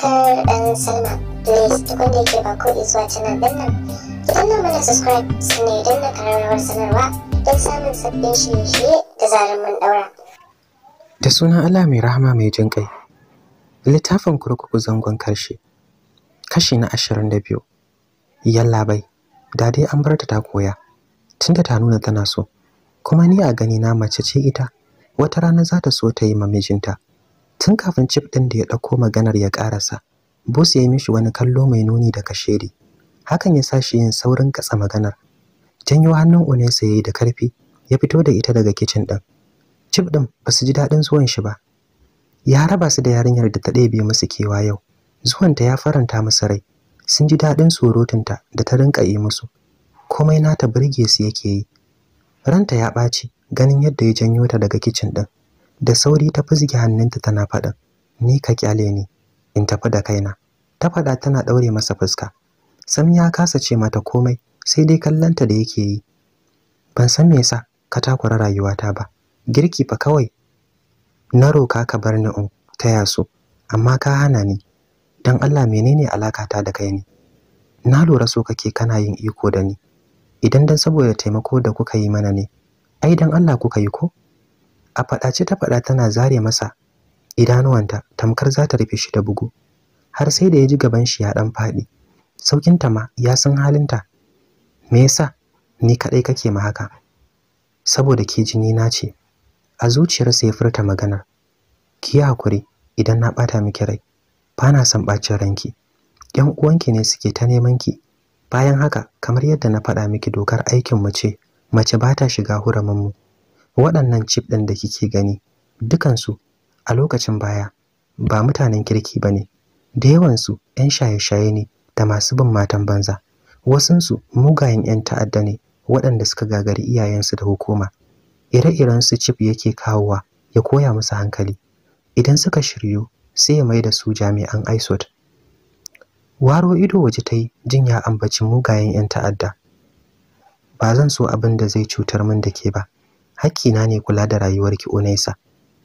subscribe and sign up. Please da yake subscribe sanarwa don samun sabbin da sunan Allah mai rahama mai jin kai. Littafin kurkuku zangon karshe. Kashi na ashirin da biyu. Yallabai, da dai an bar ta ta koya, tunda ta nuna tana so. Kuma ni a gani na mace ce ita, wata rana za ta so ta yi ma mijinta. tun kafin cif ɗin da ya ɗauko maganar ya ƙarasa bus ya yi mishi wani kallo mai nuni da kashedi hakan ya sa shi yin saurin katsa maganar janyo hannun unesa ya yi da karfi ya fito da ita daga kicin ɗin cif ɗin ba su ji dadin zuwan shi ba ya raba su da yarinyar da ta ɗebe musu kewa yau zuwanta ya faranta musu rai sun ji daɗin surutunta da ta rinka yi musu komai nata burge su yake yi ranta ya ɓaci ganin yadda ya janyo ta daga kicin ɗin da sauri ta fizge hannunta tana faɗin ni ka kyale ni in tafi da kaina ta faɗa tana ɗaure masa fuska sam ya kasa ce mata komai sai dai kallanta da yake yi ban san me yasa ka takura rayuwata ba girki fa kawai na roka ka bar ni in taya su amma ka hana ni dan Allah menene alakata da kai ne na lura so kake kana yin iko da ni idan dan saboda taimako da kuka yi mana ne ai dan Allah kuka yi ko a faɗace ta faɗa tana zare masa idanuwanta tamkar za ta rufe shi da bugu har sai da ya ji gaban shi ya ɗan faɗi saukinta ma ya san halinta me yasa ni kaɗai kake ma haka saboda ke jini na ce a zuciyarsa ya furta maganar ki yi hakuri idan na ɓata miki rai ba na son ɓacin ranki yan uwanki ne suke ta neman ki bayan haka kamar yadda na faɗa miki dokar aikin mu ce mace ba ta shiga mu waɗannan cif ɗin da kike gani dukansu a lokacin baya ba mutanen kirki ba ne da yawansu 'yan shaye-shaye ne da masu bin matan banza Wasansu mugayen 'yan ta'adda ne waɗanda suka gagari iyayensu da hukuma ire-irensu cif yake kawowa ya koya musu hankali idan suka shiryu sai ya mai da su jami'an isot waro ido waje ta yi jin ya ambaci mugayen 'yan ta'adda ba zan so abin da zai cutar min da ke ba hakkina ne kula da rayuwarki onesa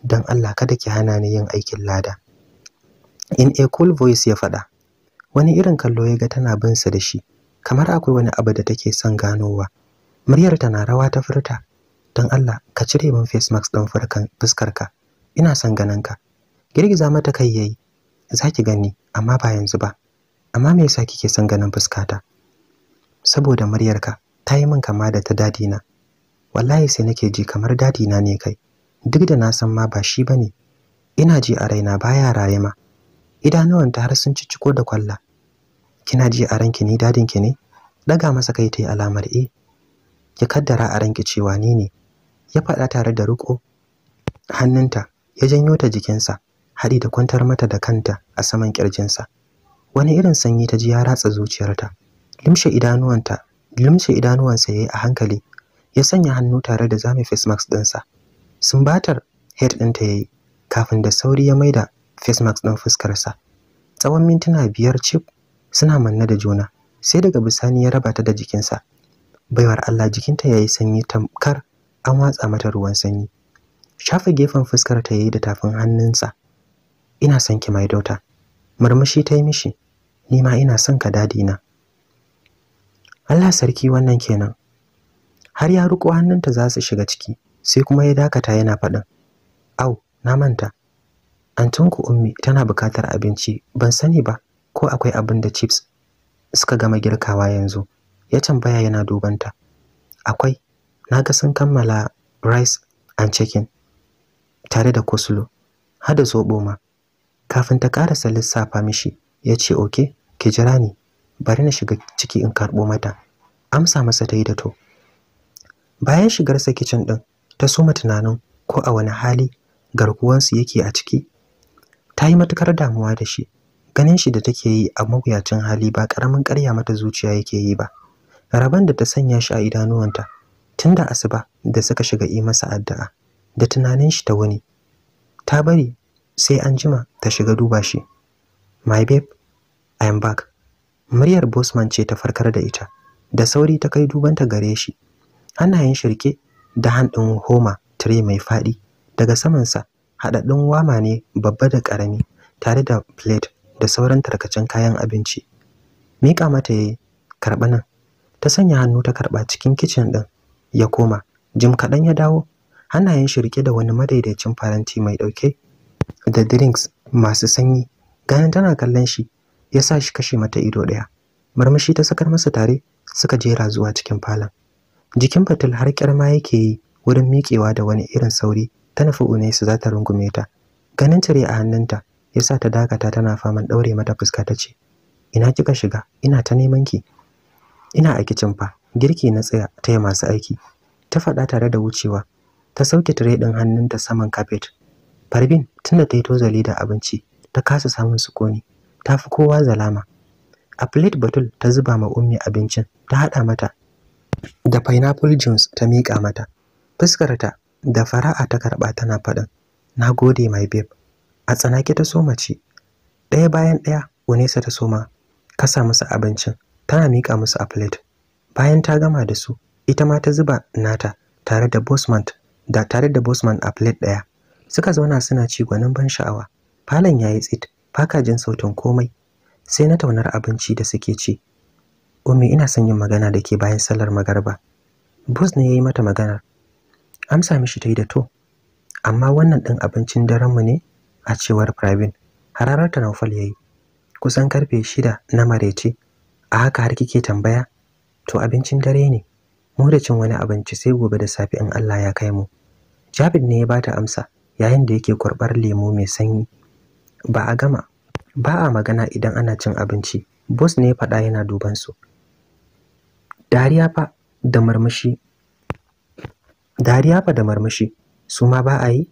don Allah kada ki hana ni yin aikin lada in a cool voice ya faɗa wani irin kallo ya ga tana bin sa da shi kamar akwai wani abu da take son ganowa muryar ta na rawa ta furta don Allah ka cire min face mask din furkan fuskarka ina son ganin ka girgiza mata kai yayi zaki gani amma ba yanzu ba amma me yasa kike son ganin fuskata saboda muryarka ta yi min kama da ta dadina wallahi sai nake ji kamar dadi na ne kai duk da na san ma ba shi bane ina ji a raina baya raye ma idanuwan ta har sun cicciko da kwalla kina ji a ranki ni dadin ki ne daga masa kai yi alamar e eh. ki kaddara a ranki cewa ni ne ya faɗa tare da riko hannunta ya janyo ta jikinsa haɗi da kwantar mata da kanta a saman kirjinsa wani irin sanyi ta ji ya ratsa zuciyarta limshe idanuwanta limshe idanuwansa yayi a hankali ya sanya hannu tare da zame face mask sun sumbatar head ɗinta ya yi kafin da sauri ya maida face mask ɗin fuskarsa tsawon mintuna biyar cif suna manne da juna sai daga bisani ya raba ta da jikinsa baiwar Allah jikinta ya yi sanyi tamkar an watsa mata ruwan sanyi shafa gefen fuskar ta yayi da tafin hannunsa ina son ki my daughter murmushi ta yi mishi ni ma ina son ka dadi na Allah sarki wannan kenan har ya riko hannunta za su shiga ciki sai kuma ya dakata yana faɗin au na manta antunku ummi tana buƙatar abinci ban sani ba ko akwai abin da chips suka gama girkawa yanzu ya tambaya yana dubanta akwai na ga sun kammala rice and chicken tare da kosulo hada zobo ma kafin ta karasa lissafa mishi ya ce oke ki jira ni bari na shiga ciki in karɓo mata amsa masa ta yi da to bayan shigar shigarsa kicin ɗin ta soma tunanin ko a wani hali garkuwansu yake a ciki ta yi matukar damuwa da shi ganin shi da take yi a mawuyacin hali ba ƙaramin ƙarya mata zuciya yake yi ba Raban da ta sanya shi a idanuwanta tun da asuba da suka shiga yi masa addu'a da tunanin shi ta wuni ta bari sai an jima ta shiga duba shi my babe i am back muryar bosman ce ta farkar da ita da sauri ta kai dubanta gare shi hannayen shirke da han homa tire mai faɗi daga samansa haɗaɗɗun wama ne babba da ƙarami tare da plate da sauran tarkacen kayan abinci miƙa mata ya karɓa nan ta sanya hannu ta karɓa cikin kicin ɗin ya koma jim kaɗan ya dawo hannayen shirke da wani madaidaicin faranti mai ɗauke da drinks masu sanyi ganin tana kallon shi ya sa shi kashe mata ido ɗaya Marmashi ta sakar masa tare suka jera zuwa cikin falon jikin batul har kyarma yake yi wurin miƙewa da wani irin sauri ta nufi unesu za ta rungume ta ganin cire a hannunta ya sa ta dakata tana faman ɗaure mata fuska ta ce ina kika shiga ina ta neman ki ina a kicin fa girki na tsaya ta yi masu aiki ta faɗa tare da wucewa ta sauke tire ɗin hannunta saman kafet farbin tunda ta yi tozali da abinci ta kasa samun sukuni ta fi kowa zalama a plate batul ta zuba ma ummi abincin ta haɗa mata da pineapple juice ta miƙa mata fuskarta da fara'a ta karɓa tana faɗin na gode my babe a tsanake ta soma ce, ɗaya bayan ɗaya unesa ta soma kasa musu abincin tana miƙa musu a plate bayan ta gama da su ita ma ta zuba nata tare da bosman da tare da bosman a plate ɗaya suka zauna suna ci gwanin ban sha'awa falon yi tsit fakajin sautin komai sai na taunar abinci da suke ci Umi ina son yin magana da ke bayan sallar magarba. Bus ne ya yi mata maganar. Amsa mishi ta yi da to. Amma wannan ɗin abincin daren mu ne a cewar Pravin. Hararar ta Naufal ya yi. Kusan karfe shida na marece. A haka har kike tambaya? To abincin dare ne. Mu da cin wani abinci sai gobe da safe in Allah ya kai mu. Jabir ne ya bata amsa yayin da yake kurɓar lemo mai sanyi. Ba a gama. Ba a magana idan ana cin abinci. Bus ne ya faɗa yana duban su. dariya fa da marmashi dariya fa da marmashi su ma ba a yi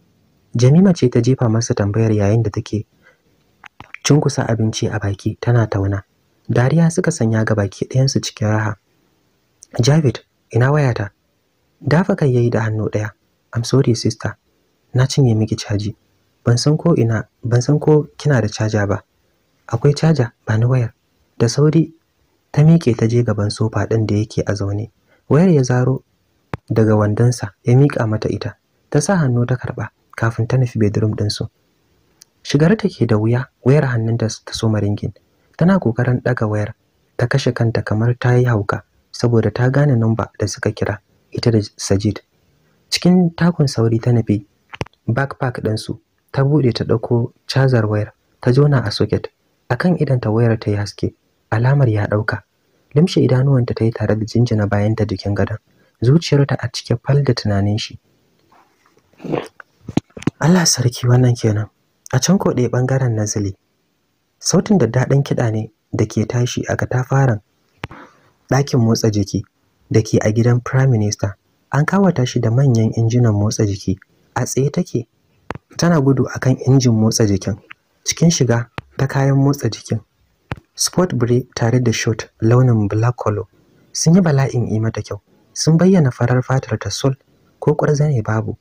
jamima ce ta jefa masa tambayar yayin da take cunkusa abinci a baki tana tauna dariya suka sanya ga baki ɗayansu cikin raha javid ina wayata dafa kai yayi da hannu ɗaya i'm sorry sister na cinye miki caji ban san ko ina ban san ko kina da caja ba akwai caja ba ni wayar da sauri ta miƙe ta je gaban sofa ɗin da yake a zaune wayar ya zaro daga wandonsa ya miƙa mata ita ta sa hannu ta karɓa kafin ta nufi bedroom ɗinsu shigar ta ke da wuya wayar hannun ta soma ringin tana kokarin ɗaga wayar ta kashe kanta kamar ta yi hauka saboda ta gane numba da suka kira ita da sajid cikin takun sauri ta nufi backpack ɗinsu ta buɗe ta ɗauko cazar wayar ta jona a socket akan idanta wayar ta yi haske alamar ya ɗauka limshe idanuwanta ta yi tare da jinjina ta jikin gadon zuciyarta a cike fal da tunanin shi Allah sarki wannan kenan a can ko ɗaya ɓangaren nazili sautin da daɗin kiɗa ne da ke tashi a katafaren ɗakin motsa jiki da ke a gidan prime minister an kawata shi da manyan injinan motsa jiki a tsaye take tana gudu a kan injin motsa jikin cikin shiga ta kayan motsa jikin sport tare da shot launin black color sun yi bala'in yi mata kyau sun bayyana farar fatar ta sol ko ne babu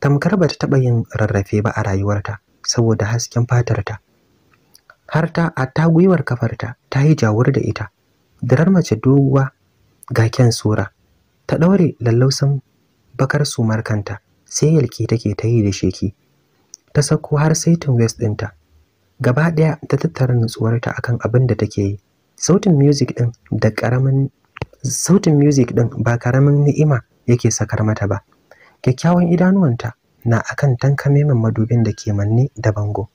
tamkar bata taɓa yin rarrafe ba a rayuwarta saboda hasken fatar ta har ta a ta gwiwar kafarta ta yi jawur da ita darar mace doguwa ga kyan sura ta ɗaure lallausan bakar sumar kanta sai yalke take ta yi da sheki ta sako har saitin west ɗinta gaba ɗaya ta tattara nutsuwarta akan abin da take yi sautin music din da karamin sautin music ɗin ba karamin ni'ima yake sakar mata ba kyakkyawan idanuwanta na akan tankame min madubin da ke manne da bango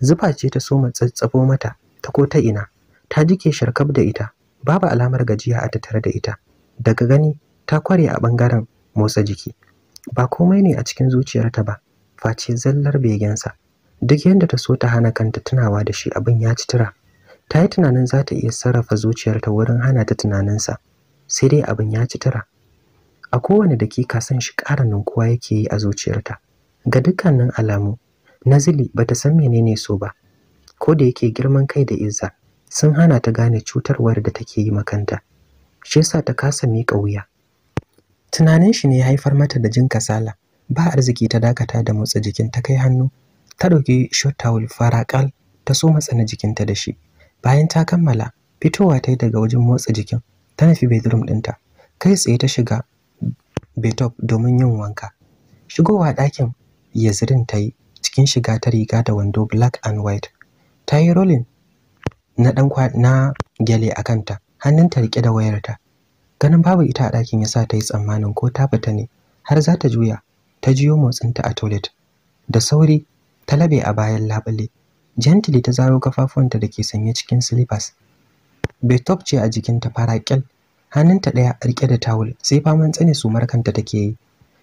zufa ce ta soma tsatsabo mata ta ko ta ina ta jike sharkab da ita babu alamar gajiya a tattare da ita daga gani ta kware a bangaren motsa jiki ba komai ne a cikin zuciyarta ba face zallar begensa duk yadda ta so ta hana kanta tunawa da shi abin ya ci tura ta yi tunanin za ta iya sarrafa zuciyarta wurin hana ta tunaninsa sai dai abin ya ci tura a kowane dakika san shi ƙara ninkuwa yake yi a zuciyarta ga dukkanin alamu nazili ba ta san menene so ba ko da yake girman kai da izza sun hana ta gane cutarwar da take yi makanta shi yasa ta kasa miƙa wuya tunanin shi ne haifar mata da jin kasala ba arziki ta dakata da motsa jikin ta kai hannu ta ɗauki short towel faraƙal ta so matsana jikinta da shi bayan ta kammala fitowa ta yi daga wajen motsa jikin ta nufi bedroom ɗinta kai tsaye ta shiga betop domin yin wanka shigowa ɗakin yazirin ta yi cikin shiga ta riga da wando black and white ta yi rolling na ɗan na gyale a kanta hannunta riƙe da wayarta ganin babu ita a ɗakin yasa ta yi tsammanin ko ta fita ne har za ta juya ta jiyo motsinta a toilet da sauri ta labe a bayan labule gently ta zaro kafafunta da ke sanye cikin slippers top ce a jikinta fara kyal hannunta ɗaya a riƙe da tawul sai faman tsane su markanta take yi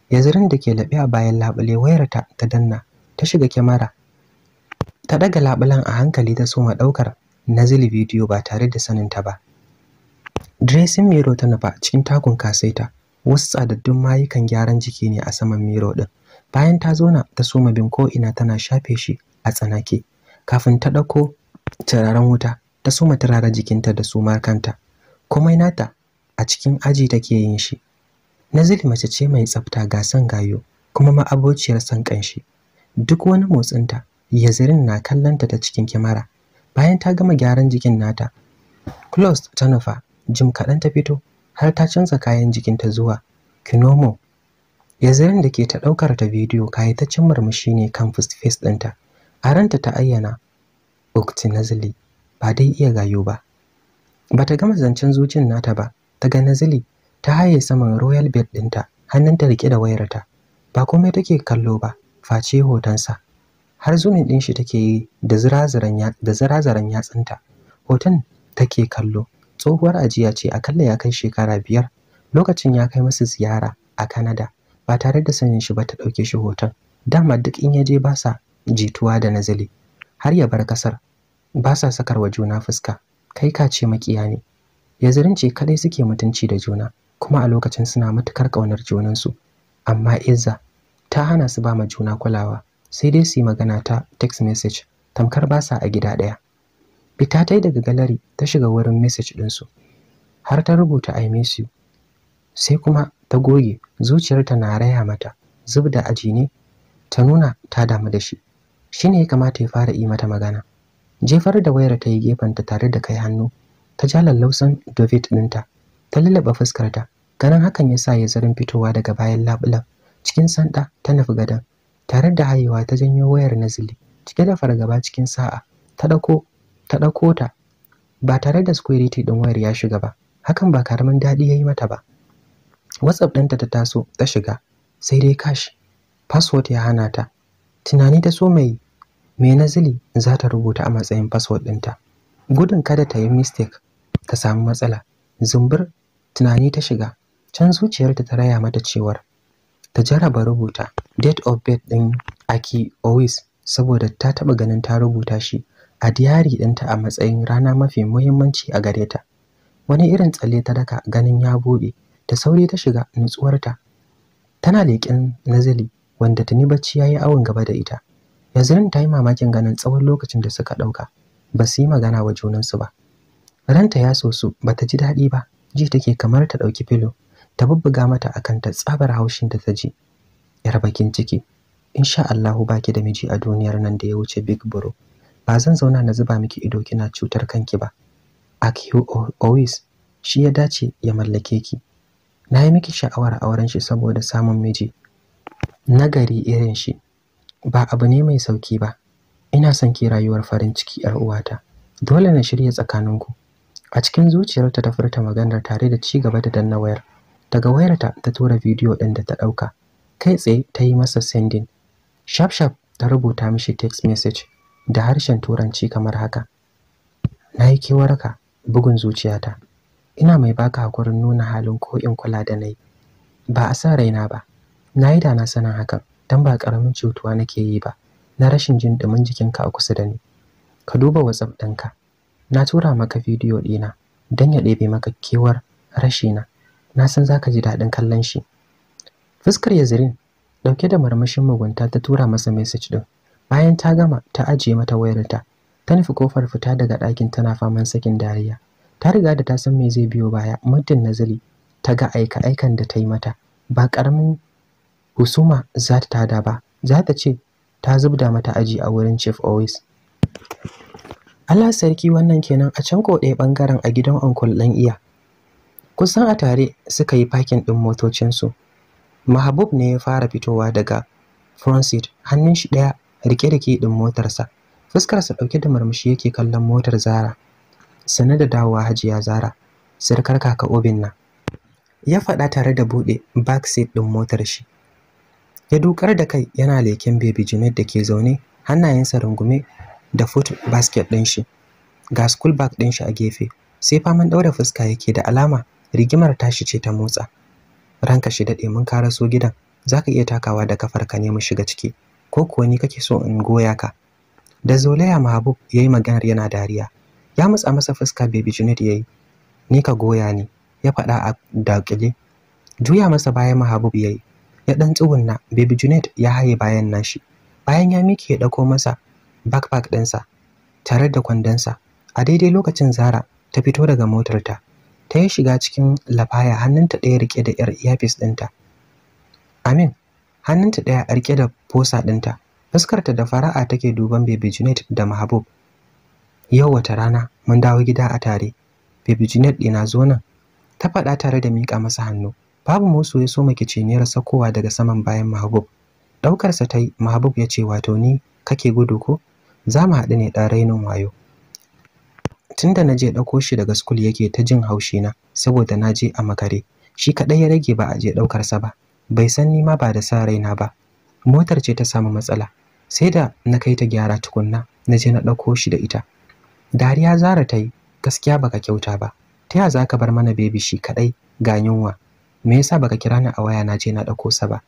yazirin da ke laɓe a bayan labule wayarta ta danna ta shiga kyamara ta ɗaga labulen a hankali ta soma ɗaukar nazili bidiyo ba tare da saninta ba dressing mirror ta nufa cikin takun kasaita wasu tsadaddun mayukan gyaran jiki ne a saman miro ɗin. bayan ta zauna ta soma bin ko'ina, tana shafe shi a tsanake kafin ta ɗauko turaren wuta ta soma turare jikinta da sumar kanta komai nata a cikin aji take yin shi nazili mace ce mai tsafta ga son gayo kuma ma'abociyar san kanshi duk wani motsinta yazirin na kallonta ta cikin kyamara bayan ta gama gyaran jikin nata close ta nufa jim kaɗan ta fito har ta canza kayan jikinta zuwa kinomo Yazirin da ke ta ɗaukar ta bidiyo kayataccen murmushi ne kan face ɗinta. A ranta ta ayyana Ukti Nazili ba dai iya gayo ba. Bata gama zancen zuciyar nata ba, ta ga Nazili ta haye saman royal bed ɗinta ta rike da wayarta. Ba komai take kallo ba, face hotonsa. Har zumin ɗin shi take yi da zirazaran yatsunta. Hoton take kallo tsohuwar ajiya ce akalla ya kai shekara biyar lokacin ya kai masu ziyara a Kanada. ba tare da sanin shi ba ta ɗauke shi hoton dama duk in ya je ba sa jituwa da nazali har ya bar kasar ba sa sakarwa juna fuska kai ka ce makiya ne ya zirince kadai suke mutunci da juna kuma a lokacin suna matukar ƙaunar junansu amma izza ta hana su ba ma juna kulawa sai dai su yi magana ta text message tamkar ba sa a gida ɗaya fita ta daga galari ta shiga wurin message ɗinsu har ta rubuta i miss you sai kuma ta goge zuciyarta na raya mata zub da aji ne ta nuna ta damu da shi shine ya kamata ya fara yi mata magana jefar da wayar ta yi gefenta tare da kai hannu ta ja lallausan David ɗinta ta fuskar fuskarta ganin hakan ya sa ya zarin fitowa daga bayan labulan cikin sanda ta nufi gadon tare da hayewa ta janyo wayar na nazili cike da fargaba cikin sa'a ta ɗauko ta ɗauko ta ba tare da security ɗin wayar ya shiga ba hakan ba karamin daɗi ya yi mata ba whatsapp ɗinta ta taso ta shiga sai dai kashi. password ya hana ta tunani ta so mai me nazili za ta rubuta a matsayin password ɗinta gudun kada ta yi mistake ta samu matsala zumbur tunani ta shiga can zuciyarta ta raya mata cewar ta jaraba rubuta date of birth ɗin aki always saboda ta taɓa ganin ta rubuta shi a diyari ɗinta a matsayin rana mafi muhimmanci a gare ta wani irin tsalle ta daka ganin ya buɗe da sauri ta shiga nutsuwar ta. tana leƙen nazali wanda tuni bacci ya yi awon gaba da ita yanzu ta yi mamakin ganin tsawon lokacin da suka ɗauka ba su yi magana wa junansu ba ranta ya so su ba ta ji daɗi ba ji take kamar ta ɗauki filo ta bubbuga mata akan ta tsabar haushin da ta ji yar bakin ciki insha Allahu baki da miji a duniyar nan da ya wuce Big Bro ba zan zauna na zuba miki ido kina cutar kanki ba Akiyo always shi ya dace ya mallake ki na yi miki sha'awar auren shi saboda samun miji nagari irin shi ba abu ne mai sauki ba ina son ki rayuwar farin ciki yar uwata dole na shirya tsakaninku a cikin zuciyarta ta furta maganar tare da ci gaba da danna wayar daga wayarta ta tura bidiyo ɗin da ta ɗauka kai tsaye ta yi masa sendin shaf shaf ta rubuta mishi text message da harshen turanci kamar haka na yi kewar ka bugun zuciyata ina mai baka hakurin nuna halin ko in kula da nai ba a sa raina ba na yi da sanin hakan dan ba karamin cutuwa nake yi ba na rashin jin dumin jikinka a kusa da ni ka duba whatsapp ɗinka na tura maka bidiyo ɗina dan ya ɗebe maka kewar rashina na san zaka ji daɗin kallon shi fuskar yazirin ɗauke da marmashin mugunta ta tura masa message ɗin bayan ta gama ta ajiye mata wayarta ta nufi kofar fita daga ɗakin tana faman sakin dariya ta riga da ta san me zai biyo baya muddin nazari ta ga aika-aikan da ta yi mata ba ƙaramin husuma za ta tada ba za ta ce ta zubda mata aji a wurin chief always Allah sarki wannan kenan a can ko ɗaya ɓangaren a gidan uncle ɗan iya kusan a tare suka yi fakin ɗin motocinsu mahabub ne ya fara fitowa daga front seat hannun shi ɗaya rike-rike ɗin motarsa fuskarsa ɗauke da murmushi yake kallon motar zara sanar da dawowa hajiya zara sirkar kaka obin nan ya faɗa tare da buɗe back seat ɗin motar shi ya dukar da kai yana leken baby junaid da ke zaune hannayensa rungume da foot basket ɗin shi ga school bag ɗin shi a gefe sai faman ɗaura fuska yake da alama rigimar tashi ce ta motsa ranka shi daɗe mun ka raso gidan za ka iya takawa da kafarka ne mu shiga ciki ko kuwa ni kake so in goya ka da zolaya mahabub yayi maganar yana dariya ya matsa masa fuska baby junaid yayi ni ka goya ni ya faɗa a dakile juya masa bayan mahabub yayi ya dan tsugunna baby junaid ya haye bayan nashi bayan ya miki ya ɗauko masa backpack ɗinsa tare da kwandonsa a daidai lokacin zara ta fito daga motarta ta yi shiga cikin lafaya hannunta ɗaya rike da yar earpiece ɗinta amin hannunta ɗaya rike da posa ɗinta fuskarta da fara'a take duban baby junaid da mahabub yau wata rana mun dawo gida a tare baby Junet ɗina zo nan ta faɗa tare da miƙa masa hannu babu musu ya so makiciniyar sakowa daga saman bayan mahabub ɗaukarsa ta yi mahabub ya ce wato ni kake gudu ko za mu haɗu ne ɗan rainin wayo tunda na je ɗauko shi daga skul yake ta jin haushi na saboda na je a makare shi kaɗai ya rage ba a je ɗaukarsa ba bai san ni ma ba da sa raina ba motar ce ta samu matsala sai da na kai ta gyara tukunna na je na ɗauko shi da ita dariya zara ta yi gaskiya baka kyauta ba ta ya za ka bar mana bebi shi kaɗai ga yunwa me yasa baka kira ni a waya na je na ɗauko sa ba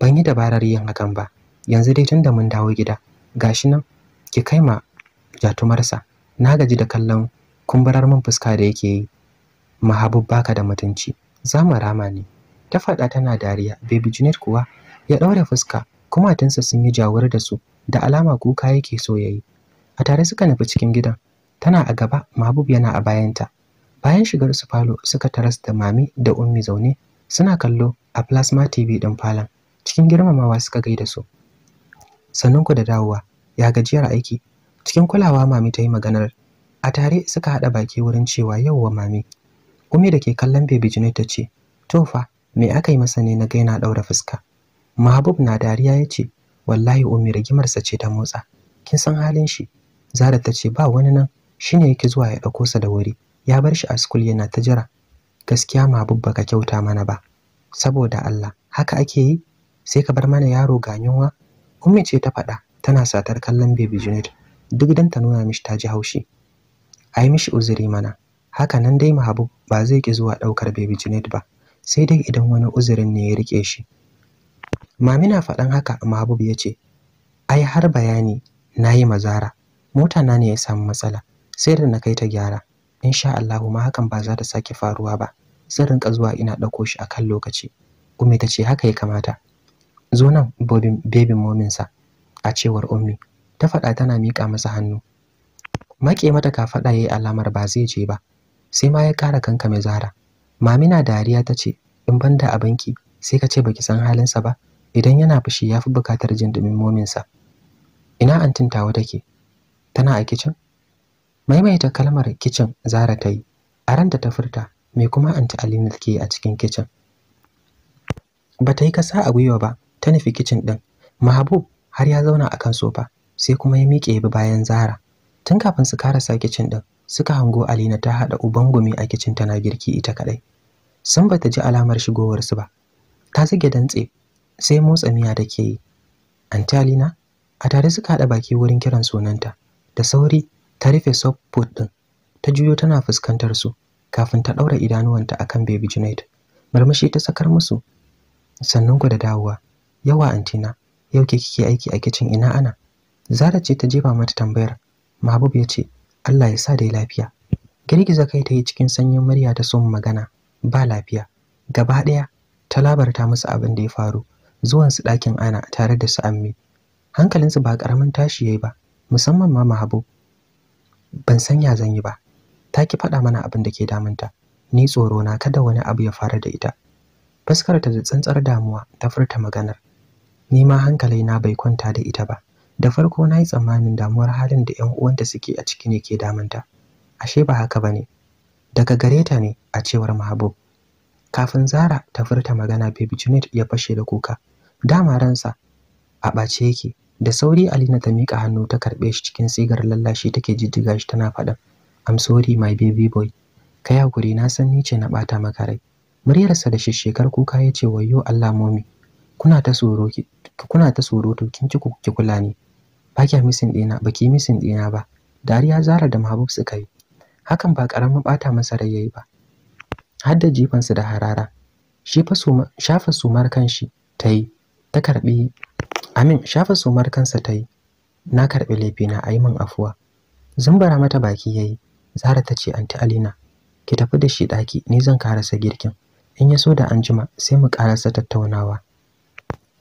ban yi dabarar yin hakan ba yanzu dai tunda mun dawo gida gashi nan ki kai ma jatumarsa na gaji da kallon kumburar min fuska da yake yi mahabub baka da mutunci za mu rama ne ta faɗa tana dariya baby junet kuwa ya ɗaure fuska Kuma kumatunsa sun yi jawar da su da alama kuka yake so ya a tare suka nufi cikin gidan tana a gaba mahbub yana a bayanta bayan shigar su falo suka taras da mami da ummi zaune suna kallo a plasma tv din falon cikin girmamawa suka gaida su sannan ku da dawowa ya gajiyar aiki cikin kulawa mami ta yi maganar a tare suka haɗa baki wurin cewa yauwa mami ummi da ke kallon baby junet ta ce to fa me aka yi masa ne na gaina yana ɗaura fuska mahbub na dariya ya ce wallahi ummi rigimarsa ce ta motsa kin san halin shi Zara ta ce ba wani nan shine yake zuwa ya ɗauko sa da wuri ya bar shi a school yana ta jira gaskiya ma baka ka kyauta mana ba saboda Allah haka ake yi sai ka bar mana yaro ga yunwa ummi ce ta faɗa tana satar kallon baby Junaid duk dan ta nuna mishi ta ji haushi ai mishi uzuri mana haka nan dai Mahabub ba zai ki zuwa ɗaukar baby Junaid ba sai dai idan wani uzurin ne ya rike shi Mami na faɗan haka Mahabub ya ce ai har bayani na yi mazara mota na ne ya samu matsala sai da na kai ta gyara insha Allah ma hakan ba za ta sake faruwa ba zan rinka zuwa ina ɗauko shi akan lokaci ummi ta ce haka ya kamata zo nan momin sa a cewar ummi ta faɗa tana mika masa hannu maƙe mata ka faɗa yayi alamar ba zai je ba sai ma ya kara kanka mai zara mamina dariya ta ce in banda a banki sai ka ce baki san halinsa ba idan yana fushi yafi bukatar jin dumin mominsa ina antin tawa take tana a kicin maimaita kalmar kicin zara ta yi a ranta ta furta me kuma anti alina ke a cikin kicin ba ta yi kasa a gwiwa ba ta nufi kicin ɗin mahabub har ya zauna a kan sofa sai kuma ya miƙe bi bayan zara tun kafin su karasa kicin ɗin suka hango alina ta haɗa uban gumi a kicin tana girki ita kaɗai sun bata ji alamar shigowarsu ba ta zage dantse sai motsa miya da ke yi anti alina a tare suka haɗa baki wurin kiran sunanta da sauri ta rufe put din ta juyo tana fuskantar su kafin ta ɗaura idanuwanta akan baby Junaid murmushi ta sakar musu sannan ku da dawowa yawa antina yau ke kike aiki a kicin, ina ana Zara ce ta jefa mata tambayar Mahbub ya ce Allah ya sa dai lafiya girgiza kai ta yi cikin sanyin murya ta son magana ba lafiya gaba ɗaya ta labarta musu abin da ya faru zuwan su ɗakin ana tare da su ammi hankalinsu ba ƙaramin tashi yayi ba musamman ma habu ban san ya zan yi ba ta ki faɗa mana abin da ke damunta ni tsoro na kada wani abu ya fara da ita fuskar ta da tsantsar damuwa ta furta maganar ni ma hankali na bai kwanta da ita ba da farko na yi tsammanin damuwar halin da 'yan uwanta suke a ciki ne ke damunta ashe ba haka ba ne daga gareta ne a cewar mahabub kafin zara ta furta magana baby junet ya fashe da kuka dama ransa a ɓace yake da sauri alina ta miƙa hannu ta karɓe shi cikin sigar lallashi take jijjiga shi tana faɗa i'm sorry my baby boy kai hakuri na san ni ce na bata maka rai muryarsa da shishshekar kuka ya ce wayo allah momi kuna ta tsoro kuna ta tsoro to kin ki kula ni ba kya misin ɗina ba ki misin ɗina ba dariya zara da mahabub suka yi hakan ba ƙaramin ɓata masa rai yayi ba har da da harara shi fa shafa sumar kanshi ta yi ta karɓi Amin shafa sumar kansa ta yi. Na karɓi laifina a yi min afuwa. Zumbara mata baki ya yi. Zara ta ce anti Alina, ki tafi da shi ɗaki ni zan karasa girkin. In ya so da an jima sai mu karasa tattaunawa.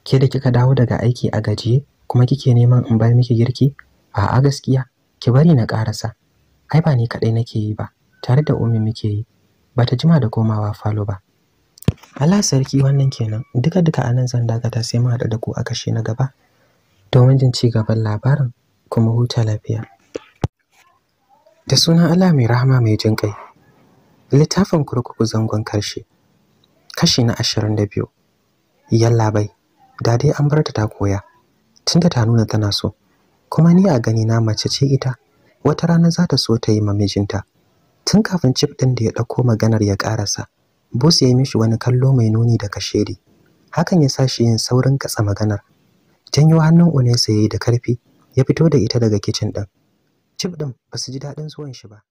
Ke da kika dawo daga aiki a gajiye kuma kike neman in bar miki girki? A'a gaskiya, ki bari na karasa. Ai ba ni kaɗai nake yi ba, tare da Umi muke yi. Ba ta jima da komawa falo ba. Allah sarki wannan kenan duka duka anan zan dakata sai mu haɗu da ku a kashi na gaba domin jin ci gaban labarin kuma huta lafiya da sunan Allah mai rahama mai jin kai littafin kurkuku zangon karshe kashi na 22 yalla bai da dai an bar ta ta koya tunda ta nuna tana so kuma ni a gani na mace ce ita wata rana za ta so ta yi mamijinta tun kafin cif ɗin da ya ɗauko maganar ya ƙarasa Bus ya yi mishi wani kallo mai nuni da kashedi. Hakan ya sa shi yin saurin katsa maganar. Janyo hannun Unesa ya yi da karfi, ya fito da ita daga kicin ɗin. Cif ɗin ba su ji daɗin zuwan shi ba.